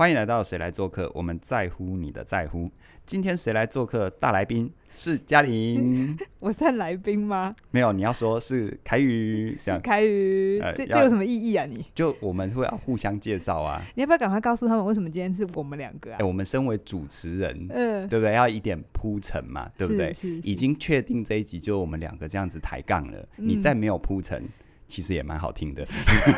歡迎來到誰來做客？我們在乎你的在乎。今天誰來做客？大來賓是嘉玲。 我算來賓嗎？沒有，你要說是凱宇。是凱宇、呃。這這有什麼意義啊你？你就我們會要互相介紹啊。 你要不要趕快告訴他們，為什麼今天是我們兩個、啊欸？我們身為主持人，嗯，對不對？要一點鋪陳嘛，對不對？已經確定這一集就我們兩個這樣子抬槓了、嗯，你再沒有鋪陳。其實也蠻好聽的，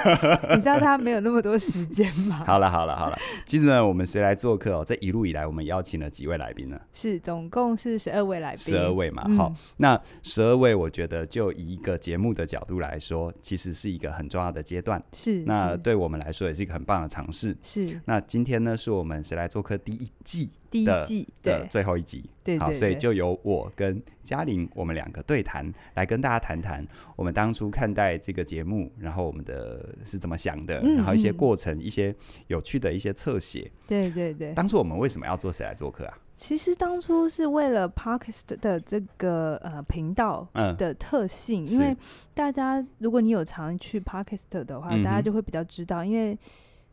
你知道他沒有那麼多時間嗎？ 好了好了好了，其實呢，我們誰來作客哦、喔？這一路以來，我們邀請了幾位來賓呢？是，總共是十二位來賓，十二位嘛。好、嗯哦，那十二位，我覺得就以一個節目的角度來說，其實是一個很重要的階段是。是，那對我們來說也是一個很棒的嘗試。是，那今天呢，是我們誰來作客第一季。第一季的，的對最後一集，對好，對對對，所以就由我跟嘉玲，我們兩個對談，來跟大家談談我們當初看待這個節目，然後我們的是怎麼想的，嗯、然後一些過程、嗯，一些有趣的一些側寫。對對對，當初我們為什麼要做誰來做客啊？其實當初是為了 Podcast 的這個呃頻道的特性，嗯、因為大家如果你有常去 Podcast 的話、嗯，大家就會比較知道，因為。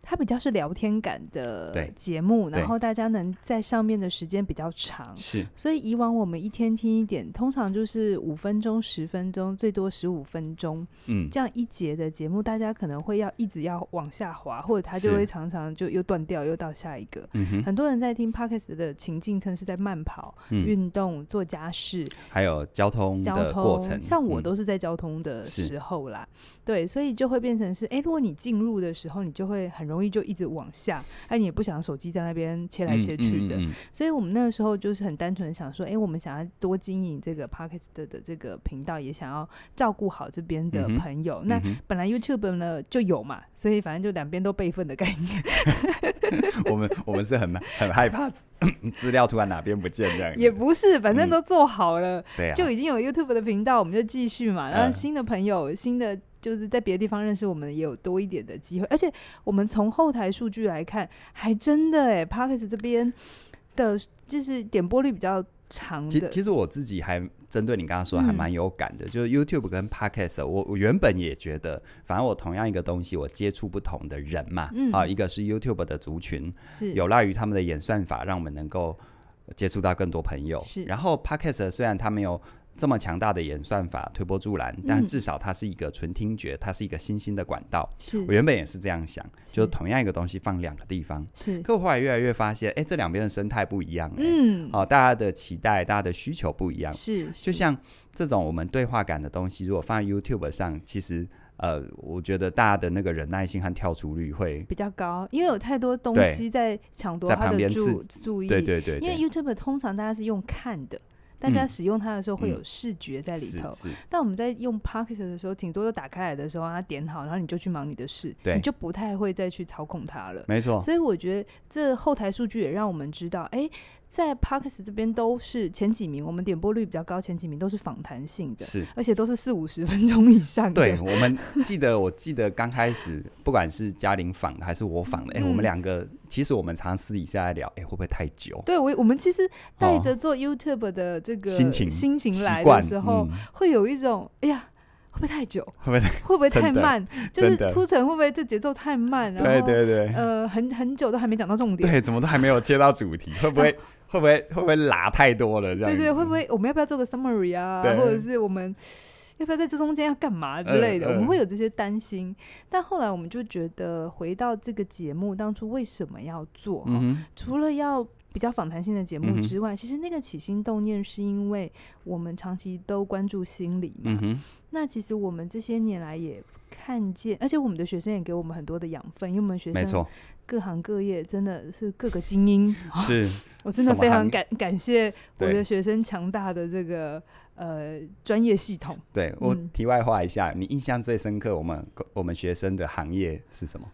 它比較是聊天感的節目，然後大家能在上面的時間比較長，是。所以以往我們一天聽一點，通常就是五分鐘、十分鐘，最多十五分鐘。嗯，這樣一節的節目，大家可能會要一直要往下滑，或者它就會常常就又斷掉，又到下一個。嗯、很多人在聽 podcast 的情境，稱是在慢跑、運、嗯、動、做家事，還有交通的過程交通。像我都是在交通的時候啦，嗯、對，所以就會變成是，哎、欸，如果你進入的時候，你就會很容易。容易就一直往下，哎、啊，你也不想手機在那邊切來切去的，嗯嗯嗯、所以我們那個時候就是很單純想說，哎、欸，我們想要多經營這個 Podcast 的這個頻道，也想要照顧好這邊的朋友、嗯嗯。那本來 YouTube 呢就有嘛，所以反正就兩邊都備份的概念。 我們我們是很很害怕資 料突然哪邊不見這樣。也不是，反正都做好了，嗯、就已經有 YouTube 的頻道、啊，我們就繼續嘛。然後新的朋友，嗯、新的。就是在別的地方認識我們也有多一點的機會，而且我們從後台數據來看，還真的哎、欸、Podcast 這邊的，就是點播率比較長。其其實我自己還針對你剛剛說，還蠻有感的、嗯，就是 YouTube 跟 Podcast 我我原本也覺得，反正我同樣一個東西，我接觸不同的人嘛，啊，一個是 YouTube 的族群，是有賴於他們的演算法，讓我們能夠接觸到更多朋友。是，然後 Podcast 雖然他沒有。這麼強大的演算法，推波助瀾，但至少它是一個純聽覺、嗯，它是一個新興的管道。是，我原本也是這樣想，是，就是同樣一個東西放兩個地方。是，可我後來越來越發現，哎、欸，這兩邊的生態不一樣、欸。嗯。哦，大家的期待、大家的需求不一樣是。是。就像這種我們對話感的東西，如果放在 YouTube 上，其實呃，我覺得大家的那個忍耐性和跳出率會比較高，因為有太多東西在搶奪他的注注意。對對，對。因為 YouTube 通常大家是用看的。大家使用它的時候會有視覺在裡頭，嗯嗯、但我們在用 Pocket 的時候，挺多都打開來的時候，讓它點好，然後你就去忙你的事，你就不太會再去操控它了。沒錯，所以我覺得這後台數據也讓我們知道，哎、欸。在 Parks 這邊都是前幾名，我們點播率比較高，前幾名都是訪談性的，是，而且都是四五十分鐘以上的。對，我們記得， 我記得剛開始，不管是嘉玲訪的還是我訪的，誒、嗯欸，我們兩個其實我們常私底下在聊，誒、欸，會不會太久？對我，我們其實帶着做 YouTube 的這個、哦、心情，心情來的時候，嗯、會有一種哎呀。會不會太久？會不會會不會太慢？就是鋪陳會不會這節奏太慢？然後，對對對，呃，很很久都還沒講到重點。對，怎麼都還沒有切到主題？ 會不會、啊、會不會會不會拉太多了？這樣對，對對，會不會我們要不要做個 summary 啊？或者是我們要不要在這中間要幹嘛之類的、呃？我們會有這些擔心、呃。但後來我們就覺得，回到這個節目當初為什麼要做？嗯、除了要比較訪談性的節目之外、嗯，其實那個起心動念是因為我們長期都關注心理嘛、嗯哼。那其實我們這些年來也看見，而且我們的學生也給我們很多的養分，因為我們學生各行各業真的是各個精英。哦、是，我真的非常感感謝我的學生強大的這個呃專業系統。對，我題外話一下、嗯，你印象最深刻我們我們學生的行業是什麼？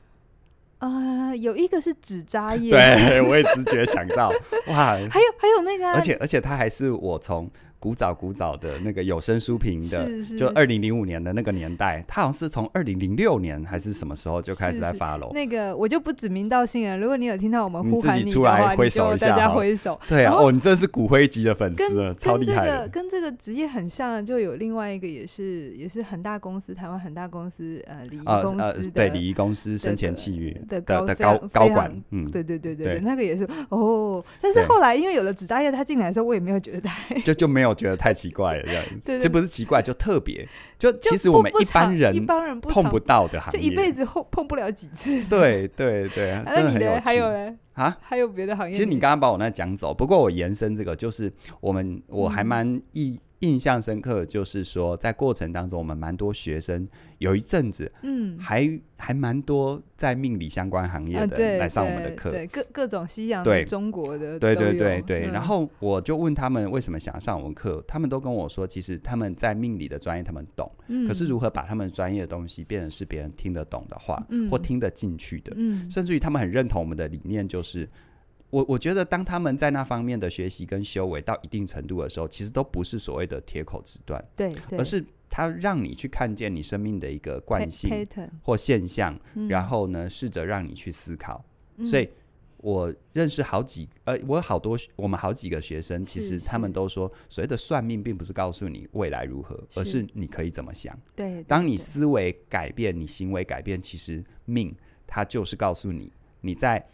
呃，有一個是紙紮耶，對，我也直覺想到， 哇，還有還有那個、啊，而且而且它還是我從，古早古早的那個有聲書評的，是是就二零零五年的那個年代，他好像是從二零零六年還是什麼時候就開始在發了。那個我就不指名道姓了。如果你有聽到我們呼喊你的話，你自己出來揮手一下，你叫大家揮手，哦。對啊，哦，哦你真是骨灰級的粉絲了，超厲害的。跟這個跟這個職業很像，就有另外一個也是也是恆大公司，台灣恆大公司呃禮儀公司，呃呃、對禮儀公司生前契約的的高的高管，嗯，對對對對，對，對，那個也是哦。但是後來因為有了紙紮業，他進來的時候我也沒有覺得，就就沒有。 覺得太奇怪了，這樣，這不是奇怪，就特別，就其實我們一般人，一般人碰不到的行業，就一輩子碰碰不了幾次。對對對，啊，真的很有趣。還有啊，還有別的行業。其實你剛剛把我那講走，不過我延伸這個，就是我們我還蠻一。印象深刻就是說，在過程當中，我們蠻多學生有一陣子，嗯，還還蠻多在命理相關行業的來上我們的課，嗯，各各種西洋的、中國的，對對對對，對，對，對。然後我就問他們為什麼想上我們課，他們都跟我說，其實他們在命理的專業他們懂，嗯，可是如何把他們專業的東西變成是別人聽得懂的話，嗯，或聽得進去的，嗯，甚至於他們很認同我們的理念，就是。我我覺得，當他們在那方面的學習跟修為到一定程度的時候，其實都不是所謂的鐵口直斷，對，而是他讓你去看見你生命的一個慣性或現象，然後呢，嗯、試着讓你去思考、嗯。所以我認識好幾，呃，我有好多我們好幾個學生，其實他們都說，所謂的算命並不是告訴你未來如何，是而是你可以怎麼想對對。對，當你思維改變，你行為改變，其實命它就是告訴你你在。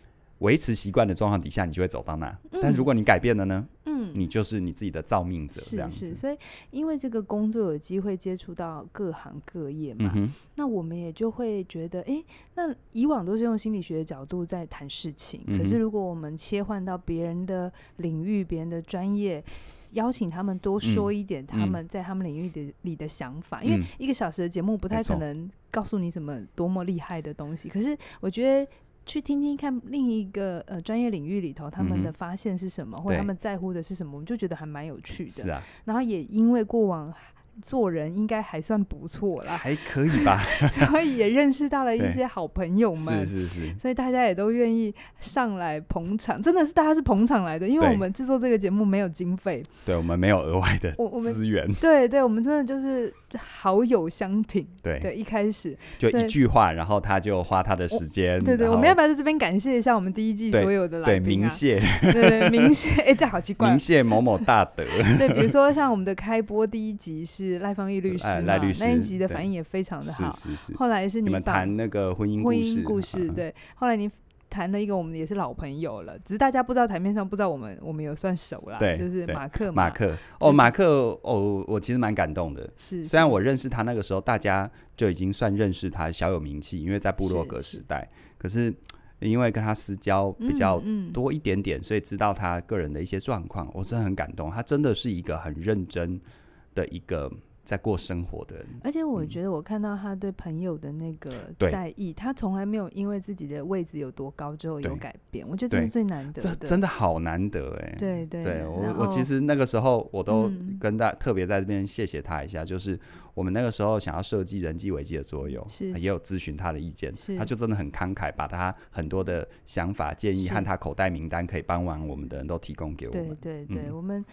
維持習慣的狀況底下，你就會走到那、嗯。但如果你改變了呢？嗯，你就是你自己的造命者。是是，所以因為這個工作有機會接觸到各行各業嘛、嗯，那我們也就會覺得，哎、欸，那以往都是用心理學的角度在談事情、嗯。可是如果我們切換到別人的領域、別人的專業，邀請他們多說一點他們在他們領域的裡的想法、嗯嗯，因為一個小時的節目不太可能告訴你什麼多麼厲害的東西。可是我覺得。去聽聽看另一個呃專業領域裡頭他們的發現是什麼，嗯、或他們在乎的是什麼，對，我們就覺得還蠻有趣的。是啊，然後也因為過往。做人應該還算不錯啦，還可以吧， 所以也認識到了一些好朋友們，是是是，所以大家也都願意上來捧場，真的是大家是捧場來的，因為我們製作這個節目沒有經費，對，我們沒有額外的資源，對對，我們真的就是好友相挺，對對，一開始就一句話，然後他就花他的時間、喔，對對，對，我們要不要在這邊感謝一下我們第一季所有的來賓、啊，對，鳴謝，對鳴謝，哎、 欸，這好奇怪，鳴謝某某大德，對，比如說像我們的開播第一集是。賴芳玉律師賴律師那一集的反應也非常的好。是是是。後來是你們談那個婚姻婚姻故事、啊，對。後來你談了一個我們也是老朋友了，只是大家不知道台面上不知道我們我們有算熟了。對，就是馬克嘛，馬克哦，馬克哦，我其實蠻感動的是。是，雖然我認識他那個時候，大家就已經算認識他小有名氣，因為在部落格時代。可是因為跟他私交比較多一點點，嗯嗯、所以知道他個人的一些狀況，我真的很感動。他真的是一個很認真的一個在過生活的人，而且我覺得我看到他對朋友的那個在意，嗯、他從來沒有因為自己的位置有多高之後有改變。我覺得這是最難得的，真的好難得哎。對對，對，對，我我其實那個時候我都跟他特別在這邊謝謝他一下、嗯，就是我們那個時候想要設計人際維基的作用，是也有諮詢他的意見，是，是他就真的很慷慨，把他很多的想法建議和他口袋名單可以幫忙我們的人都提供給我們，對，對對對，嗯、我們。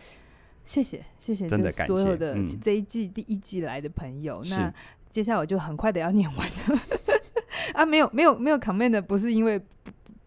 謝謝，謝謝，真的感謝所有的這一季第一季來的朋友。嗯、那接下來我就很快的要念完了 啊，沒有，沒有，沒有，comment 的不是因為。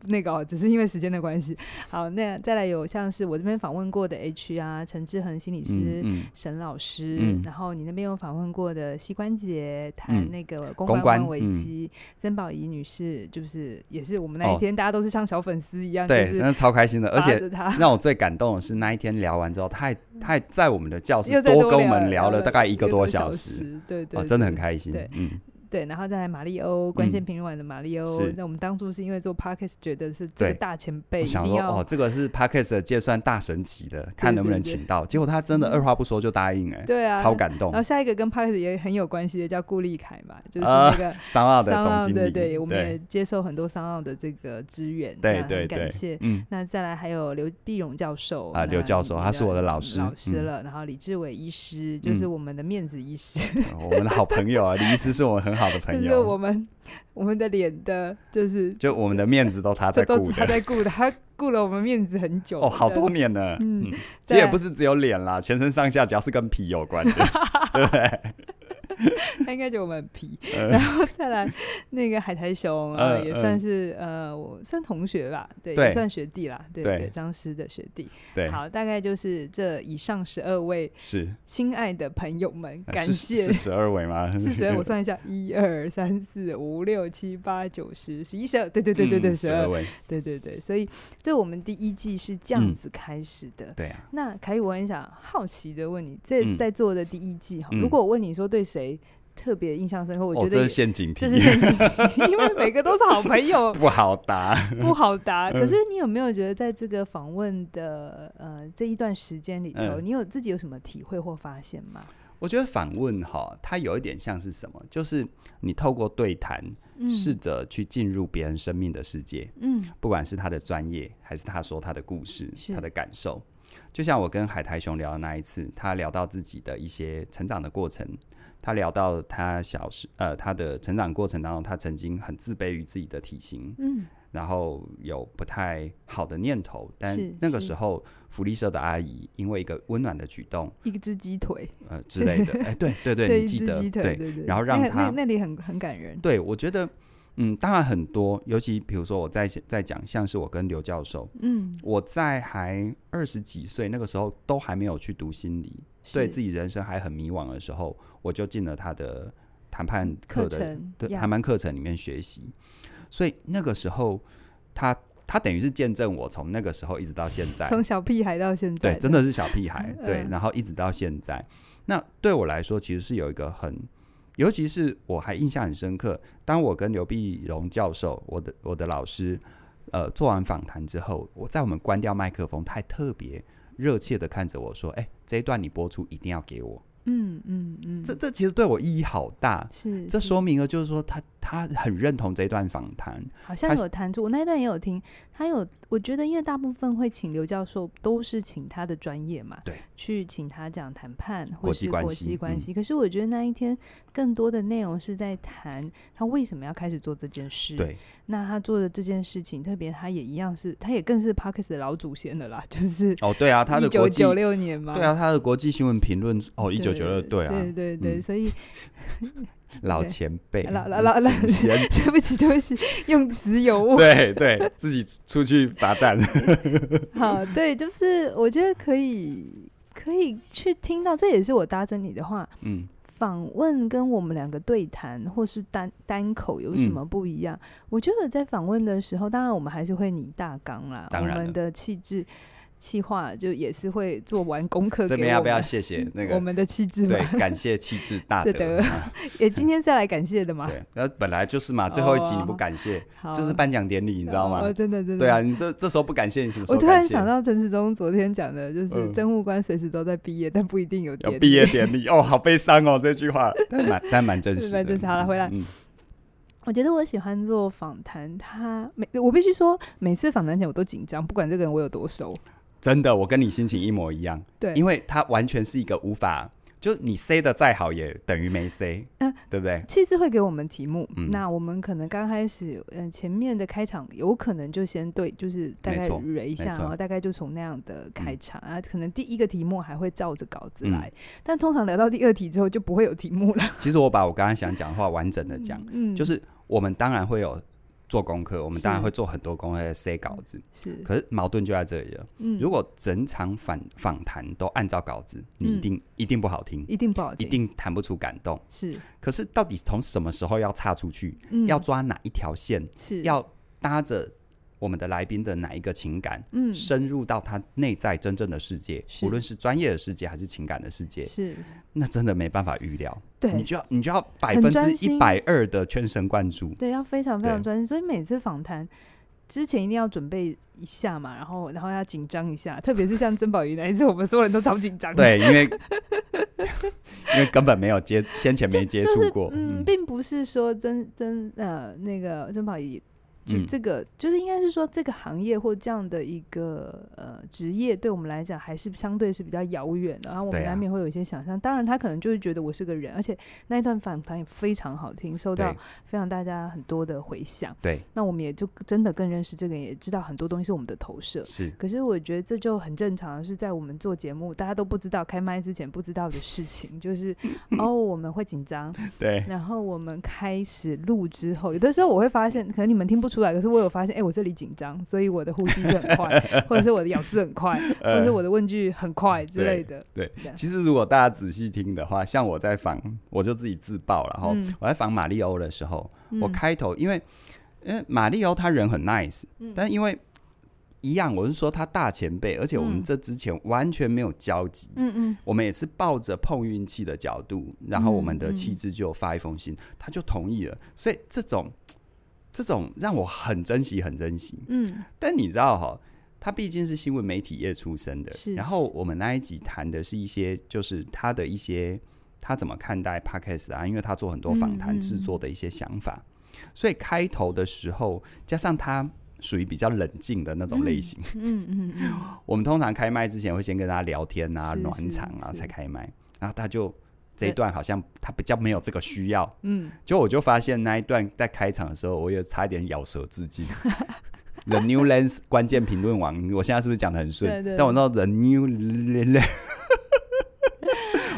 那個哦，只是因為時間的關係。好，那再來有像是我這邊訪問過的 HR，陳志恆心理師、嗯嗯、沈老師、嗯，然後你那邊有訪問過的膝關節談那個公關危機、嗯，曾寶儀女士，就是也是我們那一天、哦、大家都是像小粉絲一樣，對，真的超開心的。而且讓我最感動的是那一天聊完之後，他還他還在我們的教室多跟我們聊了大概一個多小時，對對對、哦，真的很開心，對對對，嗯。對，然後再來馬利歐，關鍵評論網的馬利歐、嗯，那我們當初是因為做 Podcast，覺得是這個大前輩，我想說哦，這個是 Podcast 的結算大神級的，對對對對，看能不能請到。結果他真的二話不說就答應、欸，哎，對啊，超感動。然後下一個跟 Podcast 也很有關係的，叫顧立凱嘛，就是那、這個 SoundOn、啊、的總經理。對對對，我們也接受很多 SoundOn 的這個支援，對對對，很感謝對對對。嗯，那再來還有劉碧榮教授啊，劉教授他是我的老師、嗯、老師了。然後李志偉醫師、嗯、就是我們的面子醫師、嗯 呃，我們的好朋友啊，李醫師是我們很。好的朋友，就是我們我們的臉的，就是就我們的面子都他在顧， 他在顧，他顧了我們面子很久哦，好多年了，嗯，這也不是只有臉啦，全身上下只要是跟皮有關的，對不 對？ 他應該覺得我們很皮、呃，然後再來那個海苔熊、呃、也算是呃,呃，我算同學吧，對，對也算學弟啦，對,對,對，張師的學弟，對，好，大概就是這以上十二位是親愛的朋友們，感謝是十二位嗎？十二，我算一下，一二三四五六七八九十十一十二，對對對對對，十二、嗯、位，對對對，所以這我們第一季是這樣子開始的，嗯、對啊。那凱宇，我很想好奇的問你，這在做的第一季哈、嗯，如果我問你說對誰？特別印象深刻，我覺得這是陷阱題，這是陷阱，陷阱題 因為每個都是好朋友，不好答，不好答。可是你有沒有覺得，在這個訪問的、嗯、呃這一段時間裡頭、嗯，你有自己有什麼體會或發現嗎？我覺得訪問哈，它有一點像是什麼，就是你透過對談，試、嗯、着去進入別人生命的世界，嗯，不管是他的專業，還是他說他的故事，他的感受。就像我跟海苔熊聊的那一次，他聊到自己的一些成長的過程。他聊到他小時，呃，他的成長過程當中，他曾經很自卑於自己的體型，嗯，然後有不太好的念頭，但那個時候福利社的阿姨因為一個溫暖的舉動，一只雞腿，呃之類的，哎、 欸，對對對，對 你記得雞腿對，對，對，然後讓他那，那裡很很感人，對我覺得。嗯，當然很多，尤其比如說我在在講，像是我跟劉教授，嗯，我在還二十幾歲那個時候，都還沒有去讀心理，對自己人生還很迷惘的時候，我就進了他的談判課程，對談判課程裡面學習。所以那個時候，他他等於是見證我從那個時候一直到現在，從小屁孩到現在，對，真的是小屁孩，嗯，對，呃，對，然後一直到現在，那對我來說其實是有一個很。尤其是我還印象很深刻，當我跟劉碧榮教授，我的我的老師，呃，做完訪談之後，我在我們關掉麥克風，他還特別熱切地看着我說：“哎、欸，這一段你播出一定要給我。”嗯嗯嗯嗯，這這其實對我意義好大，是，是。這說明了就是說他他很認同這一段訪談，好像有彈出，我那一段也有聽，他有。我覺得，因為大部分會請劉教授都是請他的專業嘛，對，去請他講談判、國際關係、或是國際關係、嗯。可是我覺得那一天更多的內容是在談他為什麼要開始做這件事。對，那他做的這件事情，特別他也一樣是，他也更是 Parkes 的老祖先了啦，就是哦，對啊，他的國際九六年嘛，對啊，他的國際新聞評論哦，一九九六，對啊，對對對， 所以。 老前輩，老老老老前輩，對不起對不起，用詞有誤。對對，自己出去罰站。好，對，就是我覺得可以可以去聽到，這也是我搭着你的話，嗯，訪問跟我們兩個對談或是單單口有什麼不一樣？嗯，我覺得在訪問的時候，當然我們還是會擬大綱啦，當然了，我們的氣質。氣話就也是會做完功課。這邊要不要謝謝那個我們的氣質？對，感謝氣質大 對的也今天再來感謝的嘛。 對，那本來就是嘛，最後一集你不感謝，哦啊、就是頒獎典禮，你知道嗎、哦？真的真的。對啊，你這這時候不感謝，你不是？我突然想到陳世忠昨天講的，就是政務官隨時都在畢業、呃，但不一定有有畢業典禮哦，好悲傷哦這句話， 但蠻但蠻真實的。蠻真實好了，回來、嗯。我覺得我喜歡做訪談，他每我必須說，每次訪談前我都緊張，不管這個人我有多熟。真的，我跟你心情一模一樣。對，因為它完全是一個無法，就你塞的再好也等於沒塞。嗯，對不對？其實會給我們題目，嗯、那我們可能剛開始，嗯、呃，前面的開場有可能就先對，就是大概 read 一下，然後大概就從那樣的開場、嗯、啊，可能第一個題目還會照着稿子來、嗯，但通常聊到第二題之後就不會有題目了。其實我把我剛剛想講的話完整的講，嗯嗯、就是我們當然會有。做功課，我們當然會做很多功課、塞稿子。是，可是矛盾就在這裡了。嗯、如果整場反訪談都按照稿子，嗯、你一定一定不好聽，一定不好聽，一定談不出感動。是，可是到底從什麼時候要岔出去，嗯？要抓哪一條線？是要搭着？我們的來賓的哪一個情感，嗯，深入到他內在真正的世界，嗯、無論是專業的世界還是情感的世界，是，那真的沒辦法預料。對，你就要你就要百分之一百二的全神貫注，對，要非常非常專心。所以每次訪談之前一定要準備一下嘛，然後然後要緊張一下，特別是像曾寶儀那一次， 我們所有人都超緊張，對，因為 因為根本沒有接，先前沒接觸過，就是，嗯，並不是說曾曾呃那個曾寶儀。就這個、嗯，就是應該是說這個行業或這樣的一個呃職業，對我們來講還是相對是比較遙遠的。然後我們難免會有一些想象。啊、當然，他可能就是覺得我是個人，而且那一段訪談也非常好聽，受到非常大家很多的迴響。對，那我們也就真的更認識這個人，也知道很多東西是我們的投射。是，可是我覺得這就很正常，是在我們做節目大家都不知道開麥之前不知道的事情，就是 哦我們會緊張。 對，然後我們開始錄之後，有的時候我會發現，可能你們聽不出來，可是我有發現，哎、欸，我這裡緊張，所以我的呼吸就很快， 或者是我的咬字很快，呃，或者是我的問句很快之類的。對，對其實如果大家仔細聽的話，像我在訪，我就自己自爆了哈。然後我在訪瑪利歐的時候，嗯，我開頭因為，瑪利歐他人很 nice，、嗯、但因為一樣，我是說他大前輩，而且我們這之前完全沒有交集。嗯嗯，我們也是抱着碰運氣的角度，然後我們的氣質就發一封信，嗯，他就同意了。所以這種。這種讓我很珍惜，很珍惜。嗯，但你知道哈、喔，他畢竟是新聞媒體業出身的。是是。然後我們那一集談的是一些，就是他的一些，他怎麼看待 Podcast 啊？因為他做很多訪談制作的一些想法、嗯。所以開頭的時候，加上他屬於比較冷靜的那種類型。嗯嗯 我們通常開麥之前會先跟他聊天啊，是是是暖場啊，才開麥。是是是然後他就。這一段好像他比較沒有這個需要，嗯，就我就發現那一段在開場的時候，我也差一點咬舌自盡。The New Lens 關鍵評論網，我現在是不是講得很順？對對。但我知道 The New Lens，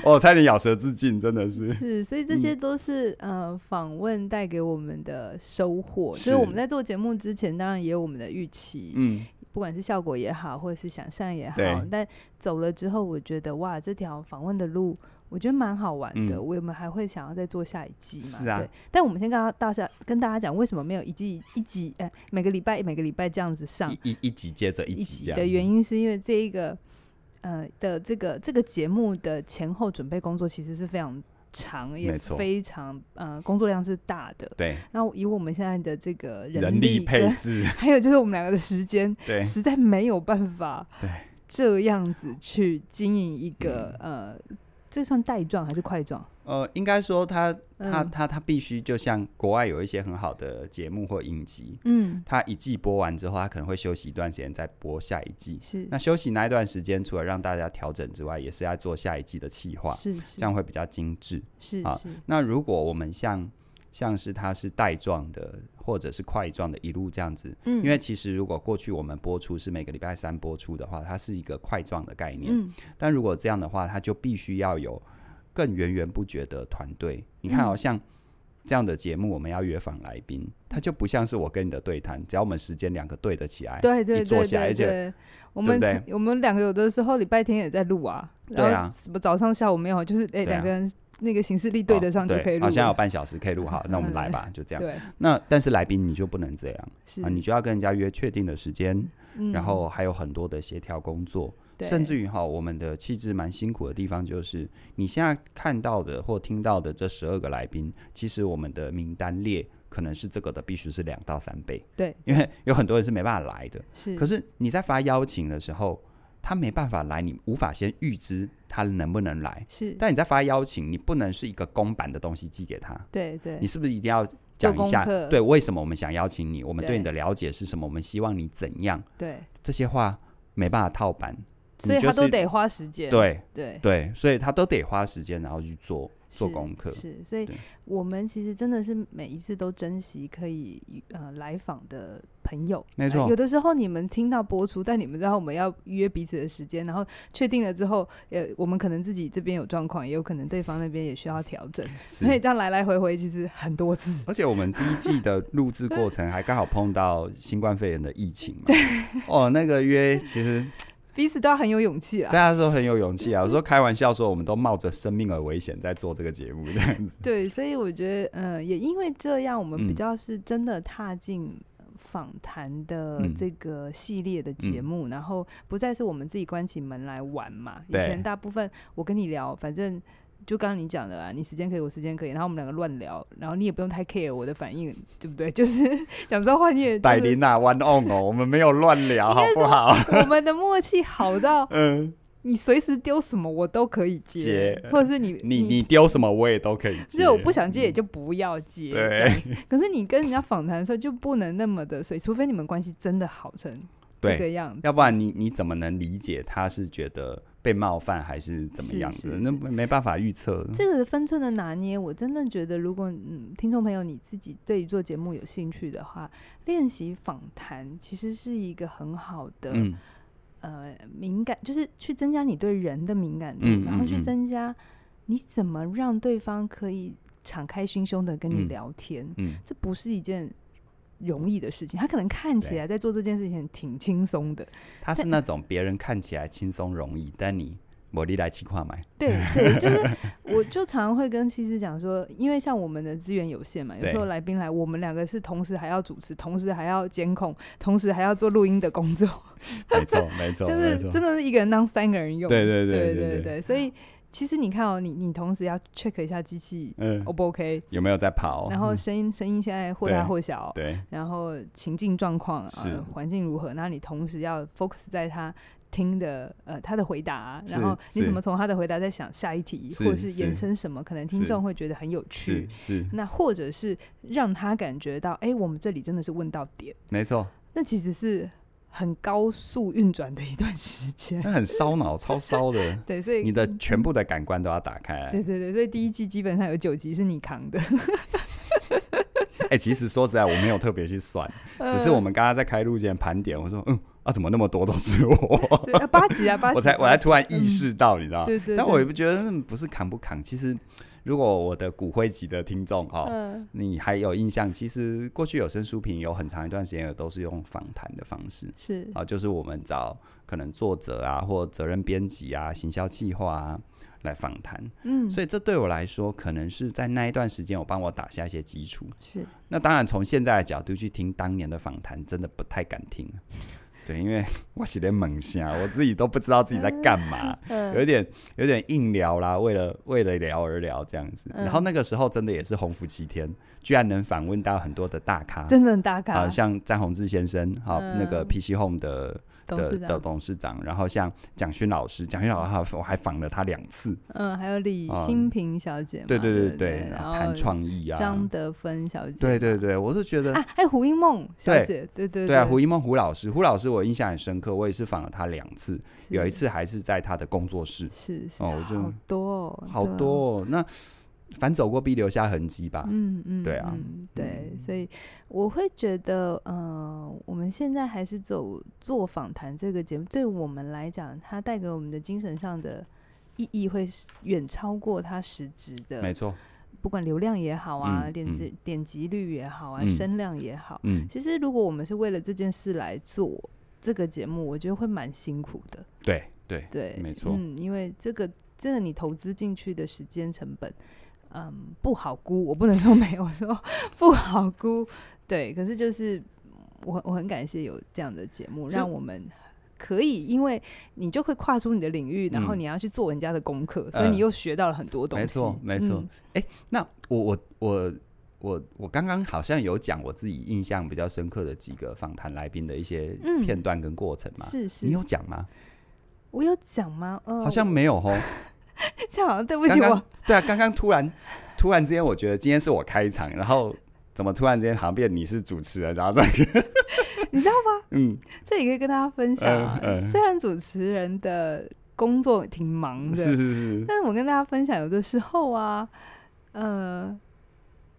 我差點咬舌自盡，真的是。是，所以這些都是呃，訪問帶給我們的收穫。所以我們在做節目之前，當然也有我們的預期，嗯，不管是效果也好，或者是想象也好。但走了之後，我覺得哇，這條訪問的路。我覺得蠻好玩的，嗯、我們還會想要再做下一季嘛？是、啊、對，但我們先跟大家跟大家講，為什麼沒有一季一集？欸、每個禮拜每個禮拜這樣子上一一,一集接着一,一集的原因，是因為這一個呃的這個這個節目的前後準備工作其實是非常長，也非常呃，工作量是大的。對。然後以我們現在的這個人力，人力配置、呃，還有就是我們兩個的時間，實在沒有辦法對這樣子去經營一個呃。嗯這是算帶狀還是塊狀？呃，應該說它它它它必須就像國外有一些很好的節目或影集，嗯，它一季播完之後，它可能會休息一段時間再播下一季。是，那休息那一段時間，除了讓大家調整之外，也是要做下一季的企劃，是，是，這樣會比較精致。是，是，啊，那如果我們像。像是它是帶狀的，或者是塊狀的，一路這樣子。嗯，因為其實如果過去我們播出是每個禮拜三播出的話，它是一個塊狀的概念。嗯。但如果這樣的話，它就必須要有更源源不絕的團隊。你看，哦，像這樣的節目，我們要約訪來賓，它就不像是我跟你的對談，只要我們時間兩個對得起來，對對對,對對對對對,對，我們我們兩個有的時候禮拜天也在錄啊，對啊，什麼早上下午沒有，就是哎、欸、兩個人。那個形式力對得上就可以錄。哦，好、哦，現在有半小時可以錄 好，那我們來吧， 就這樣。對，那但是來賓你就不能這樣是。啊，你就要跟人家約確定的時間，嗯，然後還有很多的協調工作，對，甚至於哈、哦，我們的氣質蠻辛苦的地方就是，你現在看到的或聽到的這十二個來賓，其實我們的名單列可能是這個的，必須是兩到三倍，對，因為有很多人是沒辦法來的，是。可是你在發邀請的時候，他沒辦法來，你無法先預知他能不能來。是，但你在發邀請，你不能是一個公版的東西寄給他。對對，你是不是一定要講一下？對，為什麼我們想邀請你？我們對你的了解是什麼？我們希望你怎樣？對，這些話沒辦法套版。對你就是，所以他都得花時間。對對對，所以他都得花時間，然後去做。做功課是，是，所以我們其實真的是每一次都珍惜可以呃來訪的朋友，沒錯、呃。有的時候你們聽到播出，但你們知道我們要約彼此的時間，然後確定了之後，呃，我們可能自己這邊有狀況，也有可能對方那邊也需要調整，所以這樣來來回回其實很多次。而且我們第一季的錄製過程還剛好碰到新冠肺炎的疫情嘛，對哦，那個約其實。 彼此都很有勇氣啊！大家都很有勇氣啊！我說開玩笑說，我們都冒着生命的危險在做這個節目，這樣子 對，所以我覺得，嗯、呃，也因為這樣，我們比較是真的踏進訪談的這個系列的節目、嗯嗯，然後不再是我們自己關起門來玩嘛。以前大部分我跟你聊，反正。就剛剛你講的啊，你時間可以，我時間可以，然後我們兩個亂聊，然後你也不用太 care 我的反應，對不對？就是講這話你也、就是。百靈 one on 哦， 我們沒有亂聊，好不好？ 我們的默契好到，嗯，你隨時丟什麼我都可以接，接或者是你你你丟什麼我也都可以接。只有我不想接也就不要接，嗯、對。可是你跟人家訪談的時候就不能那麼的，所以除非你們關係真的好成這個樣子，要不然你你怎麼能理解他是覺得？被冒犯還是怎麼樣子？那沒辦法預測。這個分寸的拿捏，我真的覺得，如果、嗯、聽眾朋友你自己對於做節目有興趣的話，練習訪談其實是一個很好的，嗯、呃，敏感，就是去增加你對人的敏感度、嗯，然後去增加你怎麼讓對方可以敞開心胸的跟你聊天。嗯，嗯這不是一件。容易的事情，他可能看起來在做這件事情挺輕鬆的。他是那種別人看起來輕鬆容易，但，但你魔力來強化嘛？對對，就是 我就常常會跟妻子講說，因為像我們的資源有限嘛，有時候來賓來，我們兩個是同時還要主持，同時還要監控，同時還要做錄音的工作。沒錯沒錯，就是真的是一個人當三個人用。對對對對對，對對對所以。其實你看哦、喔，你你同時要 check 一下機器，嗯，O 不 O K 有沒有在跑，哦？然後聲音聲音現在或大或小，對，對，然後情境狀況，啊，環境如何？那你同時要 focus 在他聽的，呃，他的回答。然後你怎麼從他的回答再想下一題，是，或者是延伸什麼？可能聽眾會覺得很有趣，是，是。是。那或者是讓他感覺到，哎、欸，我們這裡真的是問到點。沒錯。那其實是。很高速運轉的一段時間， 那很燒燒腦， 超燒的。對，所以你的全部的感官都要打開。對對對，所以第一季基本上有九集是你扛的。哎、 欸，其實說實在，我沒有特別去算、呃，只是我們剛剛在開錄前盤點，我說，嗯，啊，怎麼那麼多都是我？對，啊、八集啊，八集，我才我才突然意識到，嗯、你知道？對對，對。但我也不覺得不是扛不扛，其實。如果我的骨灰級的聽眾、哦呃、你還有印象？其實過去有聲書評有很長一段時間都是用訪談的方式，是啊，就是我們找可能作者啊，或責任編輯啊、行銷企劃、啊來訪談。嗯，所以這對我來說，可能是在那一段時間，我幫我打下一些基礎。是，那當然從現在的角度去聽當年的訪談，真的不太敢聽。對，因為我是點夢想，我自己都不知道自己在幹嘛、 嗯嗯，有點有點硬聊啦，為了為了聊而聊這樣子、嗯。然後那個時候真的也是鴻福齊天，居然能訪問到很多的大咖，真的大咖，啊、像詹宏志先生，好、啊嗯、那個 PC Home 的。的的董事長，然後像蔣勳老師，蔣勳老師，我還訪了他兩次，嗯，還有李新平小姐，嗯，對對對對，對，對，然後談創意啊，張德芬小姐，對對對，我是覺得啊，還有胡因夢小姐，對對，對對對，對啊，胡因夢胡老師，胡老師我印象很深刻，我也是訪了他兩次，有一次還是在他的工作室，是，是哦，我就多好多哦，好多哦，啊，那。凡走過，必留下痕跡吧，嗯。嗯嗯，對啊，對，所以我會覺得，嗯、呃，我們現在還是走做訪談這個節目，對我們來講，它帶給我們的精神上的意義會遠超過它實質的。沒錯，不管流量也好啊，嗯嗯、點擊點擊率也好啊，聲、嗯、量也好，嗯，其實如果我們是為了這件事來做這個節目，我覺得會蠻辛苦的。對對對，沒錯，嗯，因為這個這個你投資進去的時間成本。嗯，不好估，我不能說沒有說不好估，對。可是就是我我很感謝有這樣的節目，讓我們可以，因為你就會跨出你的領域，然後你要去做人家的功課，嗯，所以你又學到了很多東西，呃、沒錯沒錯、欸。那我我我我我剛剛好像有講我自己印象比較深刻的幾個訪談來賓的一些片段跟過程嘛，嗯、是是，你有講嗎？我有講嗎、呃？好像沒有吼。 這好像對不起我剛剛。對啊，剛剛突然 突然之間，我覺得今天是我開場，然後怎麼突然之間好像變你是主持人、啊，然後再，你知道嗎？嗯，這也可以跟大家分享啊、呃呃。雖然主持人的工作挺忙的，是是是，但是我跟大家分享，有的時候啊，呃，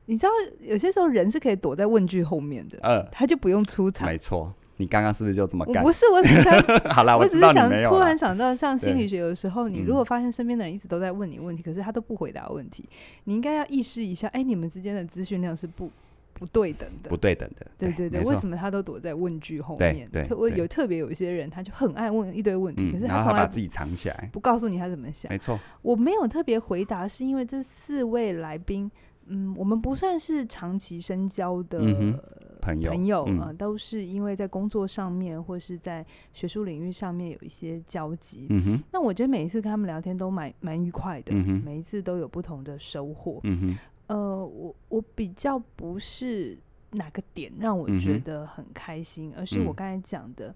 你知道有些時候人是可以躲在問句後面的，呃、他就不用出場，沒錯。你剛剛是不是就這麼幹？我不是我 我，我只是想好了，我只是想突然想到，像心理學有的時候，你如果發現身邊的人一直都在問你問題，可是他都不回答問題，嗯、你應該要意識一下，哎、欸，你們之間的資訊量是不不對等的，不對等的，對對對，為什麼他都躲在問句後面？對，我有，有特別有一些人，他就很愛問一堆問題，嗯、可是他從來他把他自己藏起來，不告訴你他怎麼想。沒錯，我沒有特別回答，是因為這四位來賓。嗯，我們不算是長期深交的朋友、啊嗯，朋友啊、嗯，都是因為在工作上面或是在學術領域上面有一些交集、嗯哼。那我覺得每一次跟他們聊天都蠻蠻愉快的、嗯，每一次都有不同的收穫、嗯哼。呃，我我比較不是哪個點讓我覺得很開心，嗯、而是我剛才講的。嗯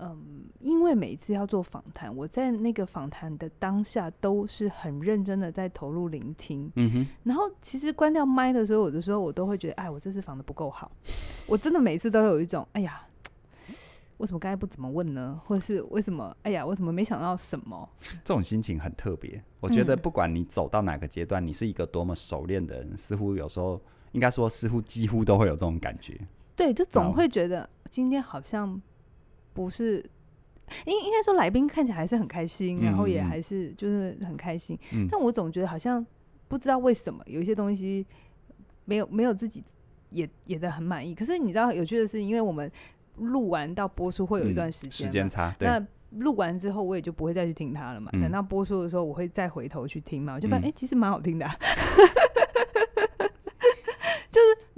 嗯，因為每一次要做訪談，我在那個訪談的當下都是很認真的在投入聆聽。嗯哼。然後其實關掉麥的時候，我就說，我都會覺得，哎，我這次訪的不夠好。我真的每次都有一種，哎呀，為什麼剛才不怎麼問呢？或是為什麼，哎呀，我怎麼沒想到什麼？這種心情很特別。我覺得不管你走到哪個階段，嗯，你是一個多麼熟練的人，似乎有時候應該說，似乎幾乎都會有這種感覺。對，就總會覺得今天好像。不是，應應該說來賓看起來還是很開心，然後也還是就是很開心，嗯。但我總覺得好像不知道為什麼有一些東西沒有沒有自己也也得很滿意。可是你知道有趣的是，因為我們錄完到播出會有一段時間，嗯、時間差，對。那錄完之後我也就不會再去聽它了嘛，等到播出的時候我會再回頭去聽嘛，我就發現哎、嗯欸、其實蠻好聽的啊。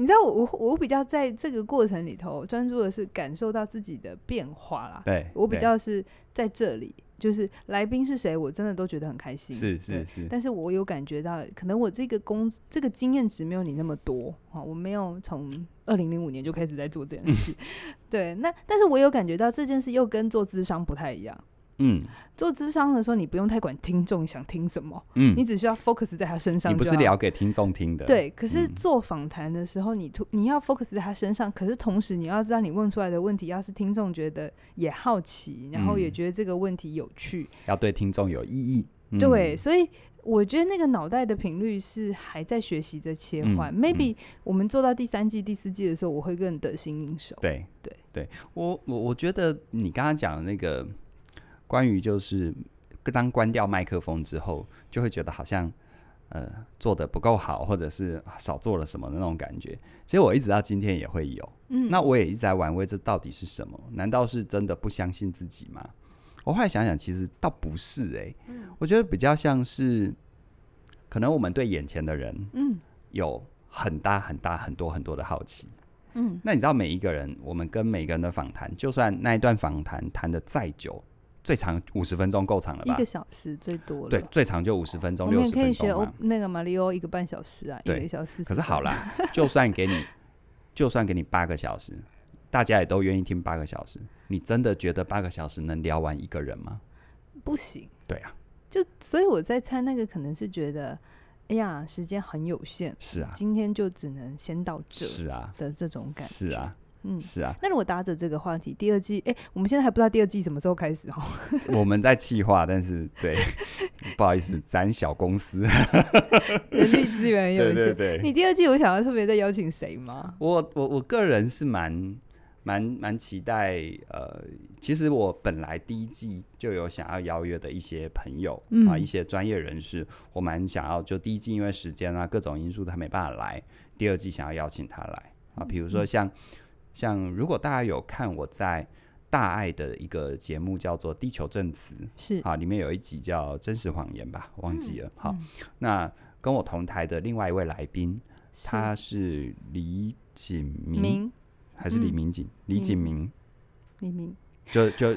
你知道我我我比較在這個過程裡頭專注的是感受到自己的變化啦。對，我比較是在這裡，就是來賓是誰，我真的都覺得很開心是。是是是。但是我有感覺到，可能我這個工這個經驗值沒有你那麼多啊，我沒有從二零零五年就開始在做這件事。 對，那但是我有感覺到這件事又跟做諮商不太一樣。嗯，做諮商的時候，你不用太管聽眾想聽什麼，嗯，你只需要 focus 在他身上。你不是聊給聽眾聽的，對。可是做訪談的時候你，你、嗯、突你要 focus 在他身上，可是同時你要知道，你問出來的問題要是聽眾覺得也好奇，然後也覺得這個問題有趣，嗯、要對聽眾有意義。嗯、對，所以我覺得那個腦袋的頻率是還在學習着切換、嗯。Maybe、嗯、我們做到第三季、第四季的時候，我會更得心應手。對，對，對，我我我覺得你剛剛講的那個。關於就是當關掉麥克風之後，就會覺得好像呃做得不夠好，或者是少做了什麼的那種感覺。其實我一直到今天也會有，嗯，那我也一直在玩味這到底是什麼？難道是真的不相信自己嗎？我後來想想，其實倒不是欸，嗯，我覺得比較像是可能我們對眼前的人，嗯，有很大很大很多很多的好奇，嗯，那你知道每一個人，我們跟每個人的訪談，就算那一段訪談談得再久。最長五十分鐘夠長了吧？一個小時最多了。對，最長就五十分鐘，六十分鐘嘛，你可以學歐那個馬里歐一個半小時啊，一個小時。可是好啦，就算給你， 就算給你八個小時，大家也都願意聽八個小時。你真的覺得八個小時能聊完一個人嗎？不行。對啊。就所以我在猜，那個可能是覺得，哎呀，時間很有限，是啊，今天就只能先到這，是啊的這種感覺，是啊。嗯，是啊。那如果搭着這個話題，第二季，哎、欸，我們現在還不知道第二季什麼時候開始。我們在計劃，但是對， 不好意思，咱 小公司，人力資源有限。對，對，對你第二季，有想要特別再邀請誰嗎？我我我個人是蠻蠻蠻期待。呃，其實我本來第一季就有想要邀約的一些朋友、嗯、啊，一些專業人士，我蠻想要就第一季因為時間啊各種因素他沒辦法來，第二季想要邀請他來啊，比如說像。嗯像如果大家有看我在大愛的一個節目，叫做《地球證詞》，是啊，裡面有一集叫《真實謊言》吧，忘記了。嗯、好、嗯，那跟我同台的另外一位來賓，他是李錦明，還是李明錦、嗯？李錦明，李明，就就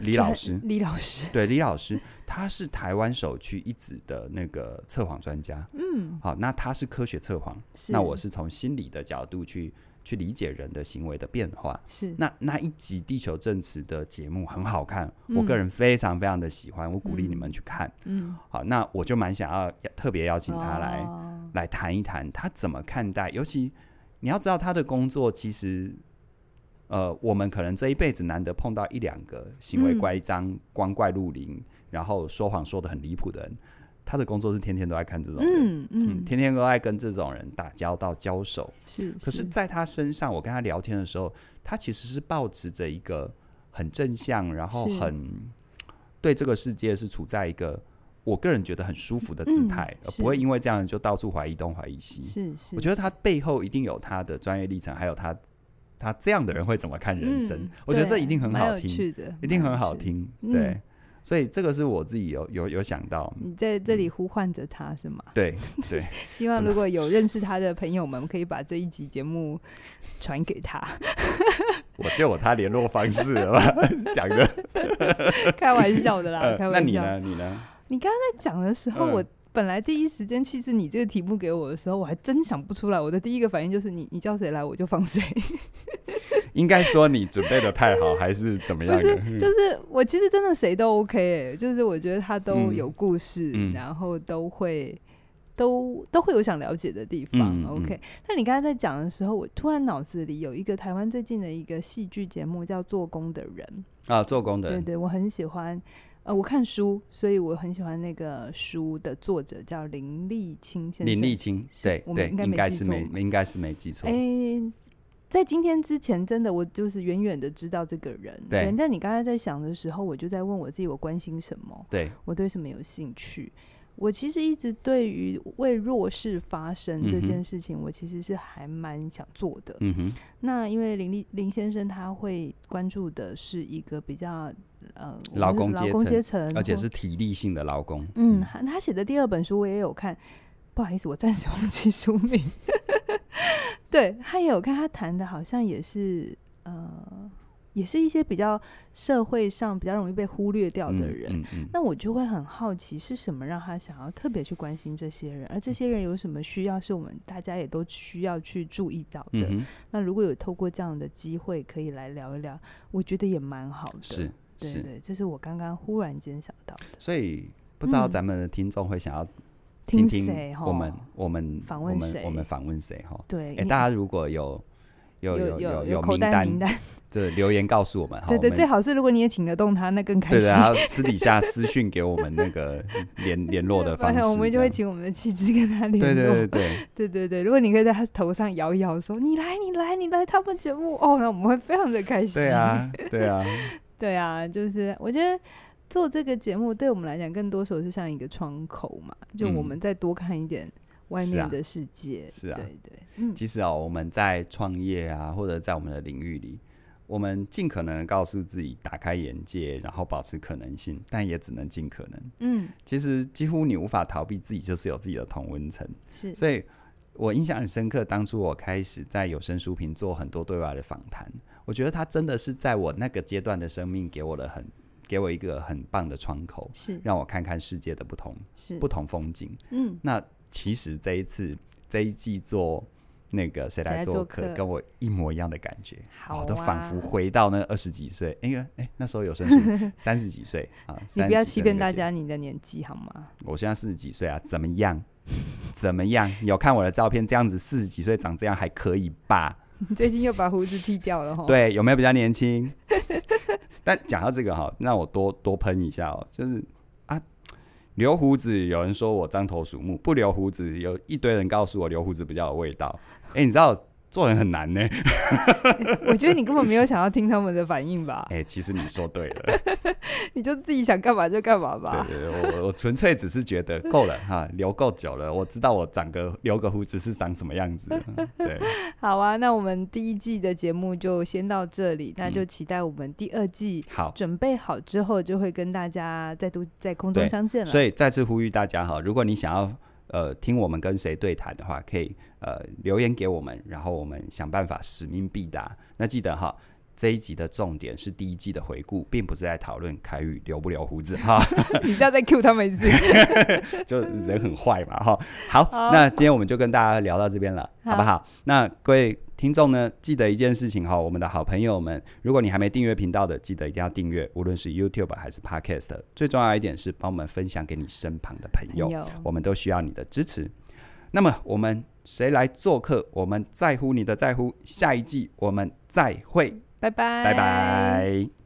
李老師， 李老師，對，李老師， 他是台灣首屈一指的那個測謊專家。嗯，好，那他是科學測謊，那我是從心理的角度去。去理解人的行為的變化，是那那一集《地球證詞》的節目很好看。嗯，我個人非常非常的喜歡，我鼓勵你們去看。嗯，好，那我就蠻想要特別邀請他來來談一談，他怎麼看待？尤其你要知道，他的工作其實，呃，我們可能這一輩子難得碰到一兩個行為乖張、嗯、光怪陸離，然後說謊說得很離譜的人。他的工作是天天都愛看這種人，嗯嗯，天天都愛跟這種人打交道交手。是。是，可是在他身上，我跟他聊天的時候，他其實是保持着一個很正向，然後很對這個世界是處在一個我個人覺得很舒服的姿態，嗯、而不會因為這樣就到處懷疑東懷疑西。是，我覺得他背後一定有他的專業歷程，還有他他這樣的人會怎麼看人生？嗯、我覺得這一定很好聽，的一定很好聽，對。嗯所以這個是我自己有有有想到。你在這裡呼喚着他是嗎？嗯、對,對 希望如果有認識他的朋友們，可以把這一集節目傳給他。 我叫我他聯絡方式了，講 個 講著笑開玩笑的啦，呃、開玩笑、呃。那你呢？你呢？你剛剛在講的時候，呃、我本來第一時間其實你這個題目給我的時候，我還真想不出來。我的第一個反應就是你，你你叫誰來，我就放誰。 應該說你準備得太好， 還是怎麼樣？不是，就是我其實真的誰都 OK，、欸、就是我覺得他都有故事，嗯、然後都會、嗯、都都會有想了解的地方。嗯、OK，、嗯、那你剛才在講的時候，我突然腦子裡有一個台灣最近的一個戲劇節目叫《做工的人》啊，《做工的人》對，對對，我很喜歡。呃，我看書，所以我很喜歡那個書的作者叫林立青先生。林立青，對我對，應該是沒，應該是沒記錯。在今天之前，真的我就是遠遠的知道這個人。對，對但你剛剛在想的時候，我就在問我自己，我關心什麼？對我對什麼有興趣？我其實一直對於為弱勢發聲這件事情，我其實是還蠻想做的。嗯哼。那因為林立青先生他會關注的是一個比較呃勞工階層，而且是體力性的勞工。嗯，嗯他寫的第二本書我也有看，不好意思，我暫時忘記書名。 對他也有看，他談的好像也是呃，也是一些比較社會上比較容易被忽略掉的人。嗯嗯嗯、那我就會很好奇，是什麼讓他想要特別去關心這些人？而這些人有什麼需要，是我們大家也都需要去注意到的。嗯、那如果有透過這樣的機會，可以來聊一聊，我覺得也蠻好的。是，對對，是這是我剛剛忽然間想到的，所以不知道咱們的聽眾會想要、嗯。聽聽我們我們訪問誰我們訪問誰哈對哎、欸、大家如果有有有有有名單名單對，留言告訴我們哈，對對，最好是如果你也請得動他那更開心 對然後私底下私訊給我們那個聯聯絡的方式我們就會請我們的契機跟他聯絡對對對，如果你可以在他頭上搖一搖說你來你來你來他們節目哦、喔、那我們會非常的開心對啊對啊 對啊，就是我覺得。做這個節目對我們來講，更多時候是像一個窗口嘛，就我們再多看一點外面的世界。嗯、是啊，是啊，對對，對。嗯，其實啊，我們在創業啊，或者在我們的領域裡，我們盡可能告訴自己打開眼界，然後保持可能性，但也只能盡可能。嗯，其實幾乎你無法逃避，自己就是有自己的同溫層。是，所以我印象很深刻，當初我開始在有聲書評做很多對外的訪談，我覺得他真的是在我那個階段的生命，給我的很。給我一個很棒的窗口，是讓我看看世界的不同，是不同風景。嗯，那其實這一次這一季做那個誰來,來做客，跟我一模一樣的感覺，我、啊哦、都仿佛回到那二十幾歲。哎、欸、呀，哎、欸，那時候有生疏，三 十、啊、幾歲啊，你不要欺騙大家你的年紀好嗎？我現在四十幾歲啊，怎麼樣？ 怎麼樣？有看我的照片，這樣子四十幾歲長這樣還可以吧？你最近又把鬍子剃掉了 對，有沒有比較年輕？ 但講到這個哈，讓我多多噴一下哦、喔，就是啊，留鬍子有人說我獐頭鼠目，不留鬍子有一堆人告訴我留鬍子比較有味道。哎、欸，你知道？ 做人很難呢、欸 欸。我覺得你根本沒有想要聽他們的反應吧？哎、欸，其實你說對了， 你就自己想幹嘛就幹嘛吧。對，對，對，我我純粹只是覺得夠了哈、 啊，留夠久了，我知道我長個留個鬍子是長什麼樣子。 對，好啊，那我們第一季的節目就先到這裡，那就期待我們第二季好、嗯、準備好之後就會跟大家再度在空中相見了。所以再次呼籲大家哈，如果你想要。呃，聽我們跟誰對談的話，可以呃留言給我們，然後我們想辦法使命必達。那記得哈。這一集的重點，是第一季的回顧，並不是在討論凱宇留不留鬍子哈。你不要再 Q 他們一次，就人很壞嘛哈。 好，那今天我們就跟大家聊到這邊了好，好不好？那各位聽眾呢，記得一件事情哈，我們的好朋友們，如果你還沒訂閱頻道的，記得一定要訂閱，無論是 YouTube 還是 Podcast。最重要一點是，幫我們分享給你身旁的朋友、哎，我們都需要你的支持。那麼我們誰來做客？我們在乎你的在乎。下一季我們再會。嗯拜拜，拜拜。